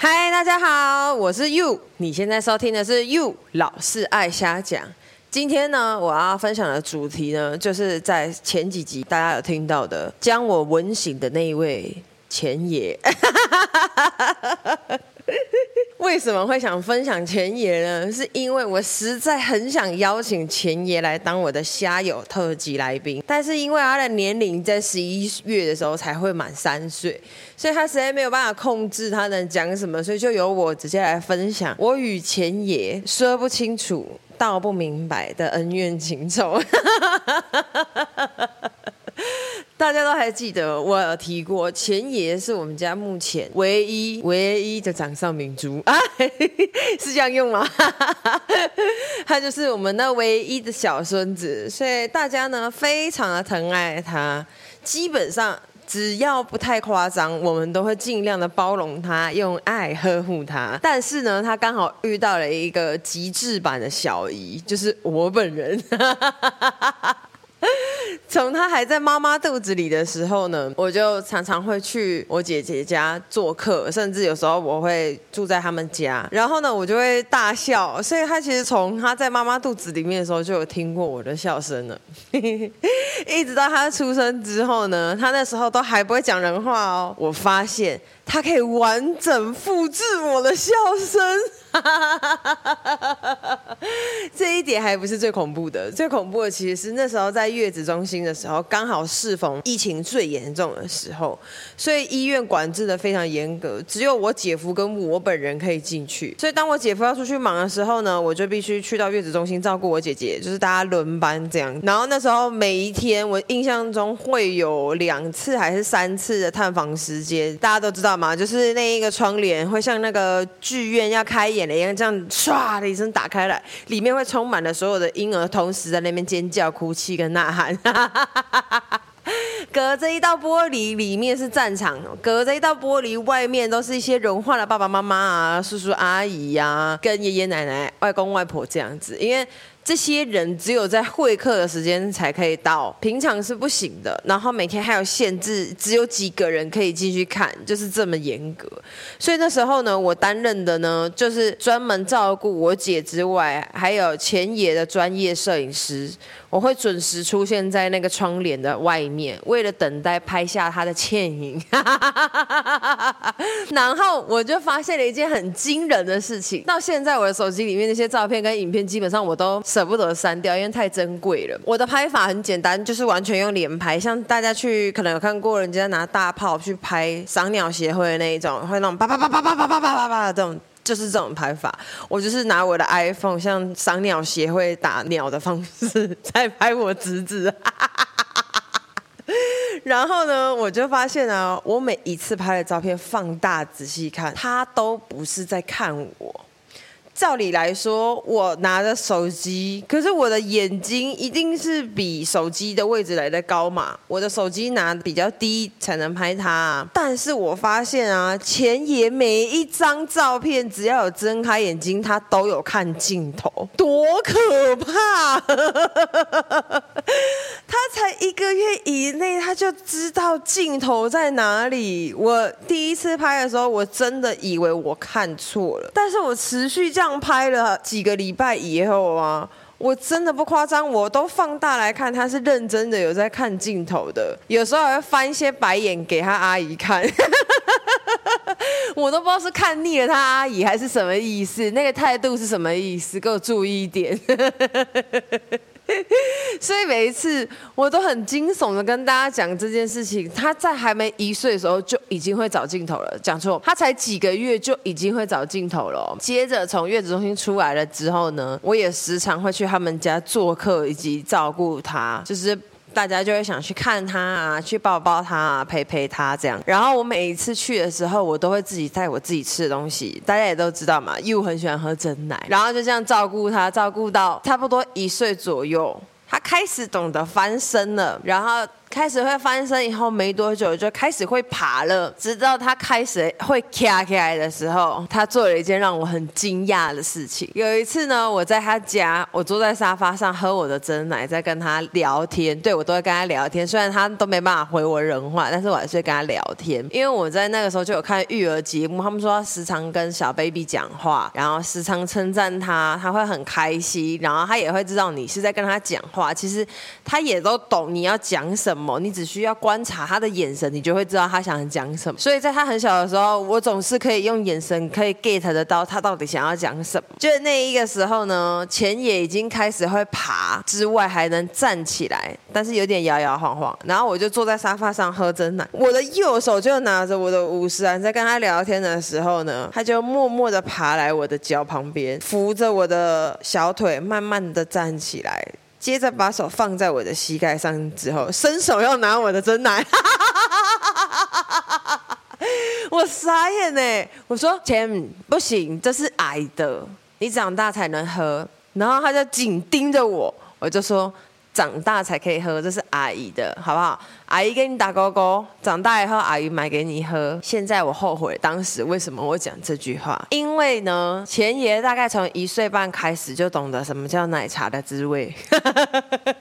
嗨，大家好，我是 Yu。你現在收聽的是 Yu 老是愛瞎講。今天呢，我要分享的主題呢，就是在前幾集大家有聽到的將我吻醒的那一位錢爺。 為什麼會想分享錢爺呢？是因為我實在很想邀請錢爺來當我的蝦友特級來賓，但是因為他的年齡在十一月的時候才會滿三歲，所以他實在沒有辦法控制他能講什麼，所以就由我直接來分享我與錢爺說不清楚、道不明白的恩怨情仇。 大家都還記得我有提過，錢爺是我們家目前唯一唯一的掌上明珠啊，是這樣用嗎？ 他就是我們那唯一的小孫子，所以大家呢非常的疼愛他，基本上只要不太誇張，我們都會盡量的包容他，用愛呵護他。但是呢，他剛好遇到了一個極致版的小姨，就是我本人。 從他還在媽媽肚子裡的時候呢，我就常常會去我姐姐家做客，甚至有時候我會住在他們家。然後呢，我就會大笑，所以他其實從他在媽媽肚子裡面的時候就有聽過我的笑聲了， 一直到他出生之後呢，他那時候都還不會講人話哦。我發現他可以完整複製我的笑聲。哈， 這一點還不是最恐怖的，最恐怖的其實是那時候在月子中心的時候，剛好適逢疫情最嚴重的時候，所以醫院管制得非常嚴格，只有我姐夫跟我本人可以進去。所以當我姐夫要出去忙的時候呢，我就必須去到月子中心照顧我姐姐，就是大家輪班這樣。然後那時候每一天，我印象中會有兩次還是三次的探訪時間，大家都知道嗎？就是那一個窗簾會像那個劇院要開。一樣這樣唰的一聲打開來，裡面會充滿了所有的嬰兒，同時在那邊尖叫、哭泣跟吶喊。 隔着一道玻璃，裡面是戰場；隔着一道玻璃，外面都是一些融化的爸爸媽媽啊、叔叔阿姨啊、跟爺爺奶奶、外公外婆這樣子，因為。這些人只有在會客的時間才可以到，平常是不行的。然後每天還有限制，只有幾個人可以進去看，就是這麼嚴格。所以那時候呢，我擔任的呢，就是專門照顧我姐之外，還有前野的專業攝影師。我會準時出現在那個窗簾的外面，為了等待拍下他的倩影。 然後我就發現了一件很驚人的事情，到現在我的手機裡面那些照片跟影片，基本上我都捨不得刪掉，因為太珍貴了。我的拍法很簡單，就是完全用連拍，像大家去可能有看過人家拿大炮去拍賞鳥協會的那一種，會那種叭叭叭叭叭叭叭叭啪叭啪啪啪啪啪啪啪的這種。就是這種拍法，我就是拿我的 iPhone 像賞鳥協會打鳥的方式在拍我侄子， 然後呢，我就發現啊，我每一次拍的照片放大仔細看，他都不是在看我。照理來說，我拿着手機，可是我的眼睛一定是比手機的位置來得高嘛。我的手機拿得比較低才能拍它。但是我發現啊，錢爺每一張照片，只要有睜開眼睛，他都有看鏡頭，多可怕！ 他才一個月以內，他就知道鏡頭在哪裡。我第一次拍的時候，我真的以為我看錯了，但是我持續這樣。拍了幾個禮拜以後啊，我真的不誇張，我都放大來看，他是認真的有在看鏡頭的，有時候還會翻一些白眼給他阿姨看， 我都不知道是看膩了他阿姨還是什麼意思，那個態度是什麼意思？給我注意一點。 所以每一次我都很驚悚的跟大家講這件事情，他在還沒一歲的時候就已經會找鏡頭了。講錯，他才幾個月就已經會找鏡頭了哦。接着從月子中心出來了之後呢，我也時常會去他們家做客以及照顧他，就是。大家就會想去看他啊，去抱抱他啊，陪陪他這樣。然後我每一次去的時候，我都會自己帶我自己吃的東西。大家也都知道嘛，又很喜歡喝珍奶。然後就這樣照顧他，照顧到差不多一歲左右，他開始懂得翻身了。然後。開始會翻身以後沒多久就開始會爬了，直到他開始會站起來的時候，他做了一件讓我很驚訝的事情。有一次呢，我在他家，我坐在沙發上喝我的珍奶，在跟他聊天。對，我都會跟他聊天，雖然他都沒辦法回我人話，但是我還是會跟他聊天。因為我在那個時候就有看育兒節目，他們說他時常跟小 baby 講話，然後時常稱讚他，他會很開心，然後他也會知道你是在跟他講話。其實他也都懂你要講什麼。你只需要觀察他的眼神，你就會知道他想講什麼。所以在他很小的時候，我總是可以用眼神可以 get 得到他到底想要講什麼。就是那一個時候呢，錢爺已經開始會爬之外，還能站起來，但是有點搖搖晃晃。然後我就坐在沙發上喝珍奶，我的右手就拿着我的武士啊，在跟他聊天的時候呢，他就默默的爬來我的腳旁邊，扶着我的小腿，慢慢的站起來。接着把手放在我的膝蓋上之後，伸手要拿我的珍奶， 我傻眼欸。我說錢不行，這是矮的，你長大才能喝。然後他就緊盯着我，我就說。長大才可以喝，這是阿姨的，好不好？阿姨給你打勾勾。長大以後，阿姨買給你喝。現在我後悔當時為什麼我講這句話，因為呢，錢爺大概從一歲半開始就懂得什麼叫奶茶的滋味，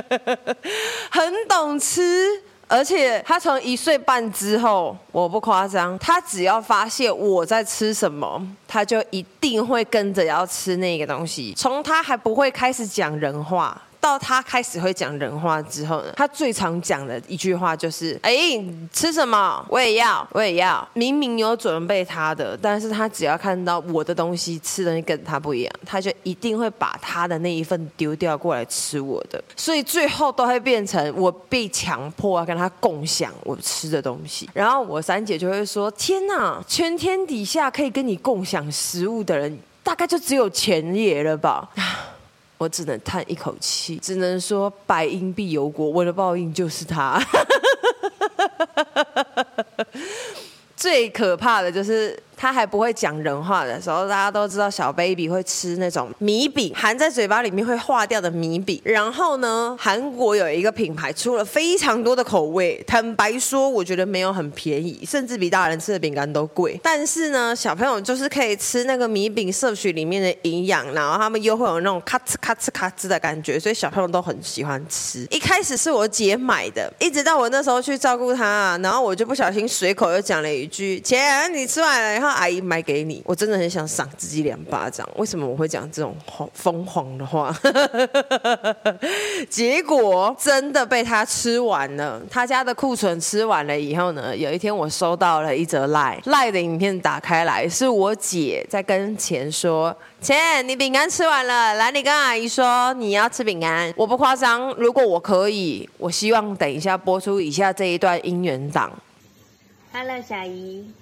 很懂吃。而且他從一歲半之後，我不誇張，他只要發現我在吃什麼，他就一定會跟着要吃那個東西。從他還不會開始講人話，到他開始會講人話之後呢，他最常講的一句話就是：“哎、欸，吃什麼？我也要，我也要。”明明有準備他的，但是他只要看到我的東西，吃的東西跟他不一樣，他就一定會把他的那一份丟掉過來吃我的。所以最後都會變成我被強迫要跟他共享我吃的東西。然後我三姐就會說：“天哪、啊，全天底下可以跟你共享食物的人，大概就只有錢爺了吧？”我只能嘆一口氣，只能說百因必有果，我的報應就是他。 最可怕的就是。他還不會講人話的時候，大家都知道小 baby 會吃那種米餅，含在嘴巴裡面會化掉的米餅。然後呢，韓國有一個品牌出了非常多的口味，坦白說，我覺得沒有很便宜，甚至比大人吃的餅乾都貴。但是呢，小朋友就是可以吃那個米餅，攝取裡面的營養，然後他們又會有那種咔哧咔哧咔哧的感覺，所以小朋友都很喜歡吃。一開始是我姐買的，一直到我那時候去照顧她啊，然後我就不小心隨口又講了一句：“姐，你吃完了以後。”啊、阿姨買給你，我真的很想賞自己兩巴掌。為什麼我會講這種瘋狂的話？ 結果真的被他吃完了。他家的庫存吃完了以後呢，有一天我收到了一則賴賴的影片，打開來是我姐在跟錢說：“錢，你餅乾吃完了，來你跟阿姨說你要吃餅乾。”我不誇張，如果我可以，我希望等一下播出以下這一段音源檔。Hello，小姨。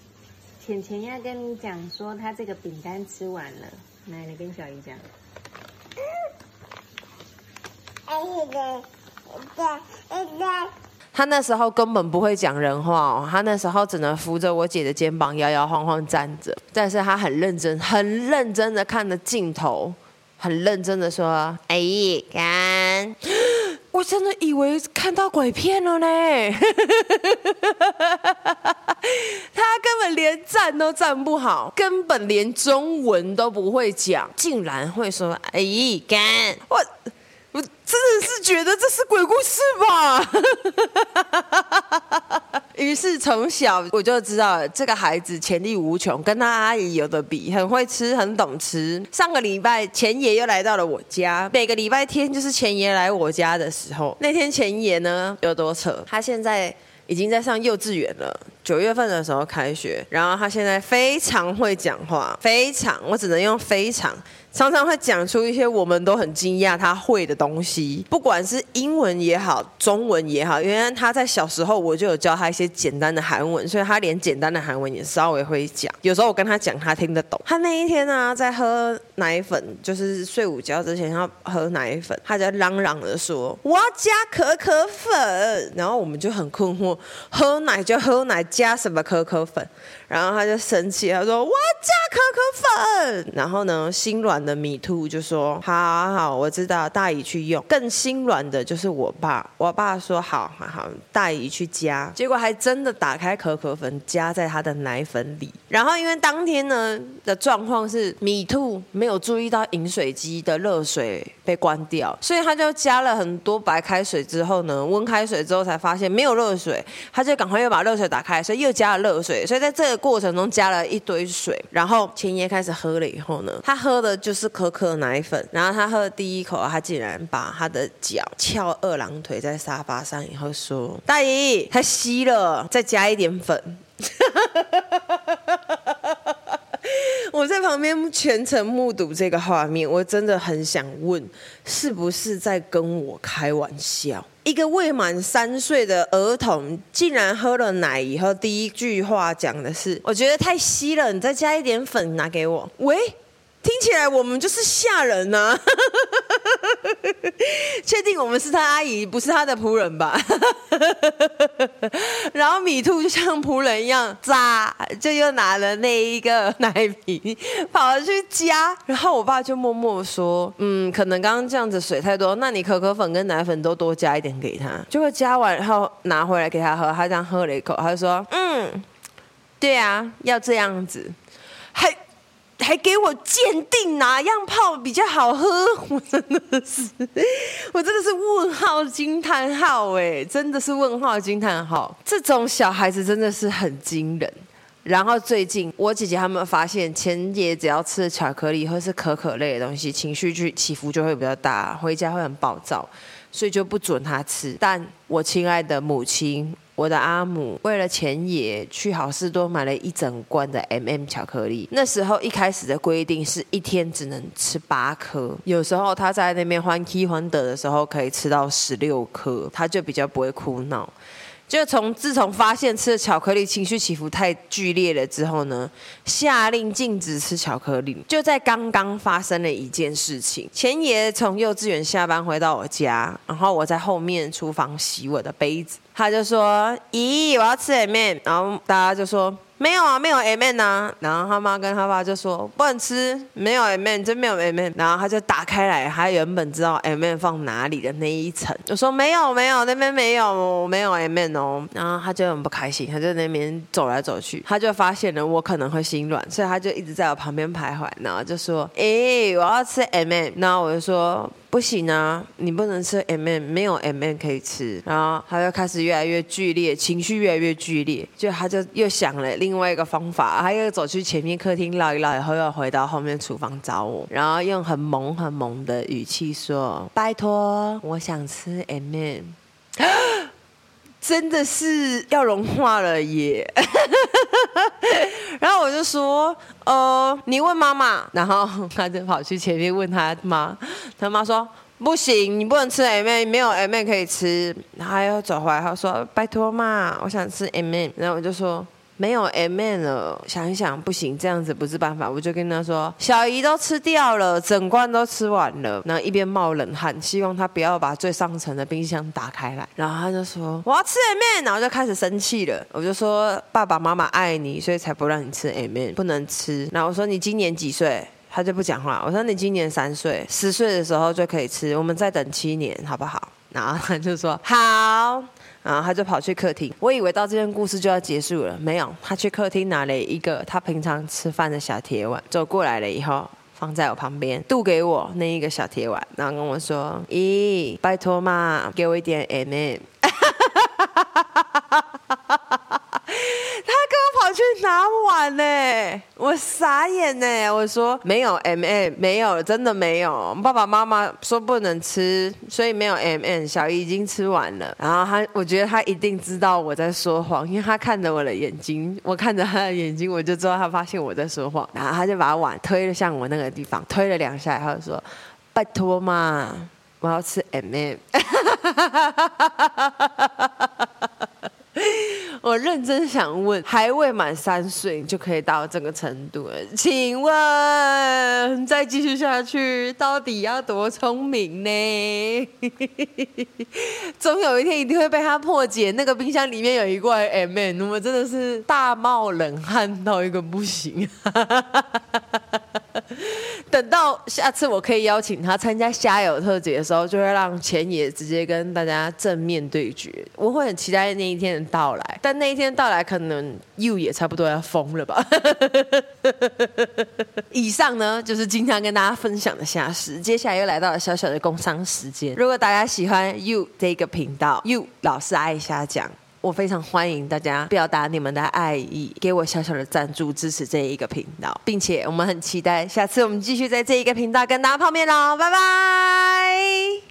前前要跟你講說，他這個餅乾吃完了，奶奶跟小姨講。他那時候根本不會講人話，他那時候只能扶着我姐的肩膀搖搖晃晃晃站著，但是他很認真，很認真的看着鏡頭，很認真的說：“哎幹！”我真的以為看到鬼片了呢。 他根本連站都站不好，根本連中文都不會講，竟然會說“哎，幹”，我我真的是覺得這是鬼故事吧。 於是從小我就知道這個孩子潛力無窮，跟他阿姨有的比，很會吃，很懂吃。上個禮拜，錢爺又來到了我家。每個禮拜天就是錢爺來我家的時候。那天錢爺呢有多扯？他現在已經在上幼稚園了。九月份的時候開學，然後他現在非常會講話，非常我只能用非常常常會講出一些我們都很驚訝他會的東西，不管是英文也好，中文也好。因為他在小時候我就有教他一些簡單的韓文，所以他連簡單的韓文也稍微會講。有時候我跟他講，他聽得懂。他那一天呢、啊，在喝奶粉，就是睡午覺之前要喝奶粉，他就嚷嚷的說：“我要加可可粉。”然後我們就很困惑，喝奶就喝奶。加什麼可可粉？然後他就生氣，他說：“我加可可粉。”然後呢，心軟的米兔就說：“好好好，我知道。”大姨去用，更心軟的就是我爸。我爸說：“好，好，好，好。”大姨去加，結果還真的打開可可粉加在他的奶粉裡。然後因為當天呢的狀況是米兔沒有注意到飲水機的熱水被關掉，所以他就加了很多白開水之後呢，溫開水之後才發現沒有熱水，他就趕快又把熱水打開。所以又加了熱水，所以在這個過程中加了一堆水。然後錢爺開始喝了以後呢，他喝的就是可可奶粉。然後他喝的第一口，他竟然把他的腳翹二郎腿在沙發上，然後說：“大姨，太稀了，再加一點粉。 ”我在旁邊全程目睹這個畫面，我真的很想問，是不是在跟我開玩笑？一個未滿三歲的兒童，竟然喝了奶以後，第一句話講的是：“我覺得太稀了，你再加一點粉拿給我。”餵。聽起來我們就是下人吶、啊！ 確定我們是他阿姨，不是他的僕人吧？ 然後米兔就像僕人一樣，扎就又拿了那一個奶瓶跑去加，然後我爸就默默說：“嗯，可能剛剛這樣子水太多，那你可可粉跟奶粉都多加一點給他。”就會加完然後拿回來給他喝，他這樣喝了一口，他說：“嗯，對啊，要這樣子。”還給我鑑定哪樣泡比較好喝，我真的是，我真的是問號驚嘆號哎，真的是問號驚嘆號，這種小孩子真的是很驚人。然後最近我姐姐他們發現，錢爺只要吃巧克力或是可可類的東西，情緒就起伏就會比較大，回家會很暴躁，所以就不准他吃。但我親愛的母親。我的阿母為了錢爺去好市多買了一整罐的 MM 巧克力。那時候一開始的規定是一天只能吃八顆，有時候他在那邊歡 key 歡得的時候可以吃到十六顆，他就比較不會哭鬧。就從自從發現吃了巧克力情緒起伏太劇烈了之後呢，下令禁止吃巧克力。就在剛剛發生了一件事情，錢爺從幼稚園下班回到我家，然後我在後面廚房洗我的杯子，他就說：“咦，我要吃 M&M。”然後大家就說。沒有啊，沒有 M M 吶。然後他媽跟他爸就說不能吃，沒有 M M，真沒有 M M。然後他就打開來，他原本知道 M M 放哪裡的那一層，就說沒有，沒有，那邊沒有，沒有 M M 哦。然後他就很不開心，他就那邊走來走去，他就發現了我可能會心軟，所以他就一直在我旁邊徘徊，然後就說：“誒，我要吃 M M。”然後我就說。不行啊！你不能吃 M&M，沒有 M&M 可以吃。然後，他就開始越來越劇烈，情緒越來越劇烈，就他就又想了另外一個方法，他又走去前面客廳嘮一嘮，然後又回到後面廚房找我，然後用很萌很萌的語氣說：“拜托，我想吃 M&M。”啊真的是要融化了耶！ 然後我就說：“呃，你問媽媽。”然後他就跑去前面問他媽，他媽說：“不行，你不能吃 M&M，沒有 M&M 可以吃。”然後又走回來，他說：“拜托嘛，我想吃 M&M。”然後我就說。沒有 M&M 了，想一想不行，這樣子不是辦法。我就跟他說：“小姨都吃掉了，整罐都吃完了。”然後一邊冒冷汗，希望他不要把最上層的冰箱打開來。然後他就說：“我要吃 M&M。”然後就開始生氣了。我就說：“爸爸媽媽愛你，所以才不讓你吃 M&M，不能吃。”然後我說：“你今年幾歲？”他就不講話。我說：“你今年三歲，十歲的時候就可以吃。我們再等七年，好不好？”然後他就說：“好。”啊，他就跑去客廳。我以為到這段故事就要結束了，沒有，他去客廳拿了一個他平常吃飯的小鐵碗，走過來了以後，放在我旁邊，遞給我那一個小鐵碗，然後跟我說：“咦，拜託嘛，給我一點 M、MM。 ”拿碗呢，我傻眼呢。我說沒有 MM，沒有，真的沒有。爸爸媽媽說不能吃，所以沒有 MM。小姨已經吃完了，然後他，我覺得他一定知道我在說謊，因為他看着我的眼睛，我看着他的眼睛，我就知道他發現我在說謊，然後他就把碗推了向我那個地方，推了兩下，他就說：“拜托嘛，我要吃 MM。 ”我認真想問，還未滿三歲你就可以到這個程度了，請問再繼續下去到底要多聰明呢？總 有一天一定會被他破解。那個冰箱裡面有一罐 M&M，我們真的是大冒冷汗到一個不行。 等到下次我可以邀請他參加蝦友特輯的時候，就會讓錢爺直接跟大家正面對決。我會很期待那一天的到來，但那一天到來，可能 you 也差不多要瘋了吧。 以上呢，就是今天跟大家分享的蝦事。接下來又來到了小小的工商時間。如果大家喜歡 you 這個頻道，you 老是愛瞎講。我非常歡迎大家表達你們的愛意，給我小小的贊助支持這一個頻道，並且我們很期待下次我們繼續在這一個頻道跟大家碰面嘍，拜拜。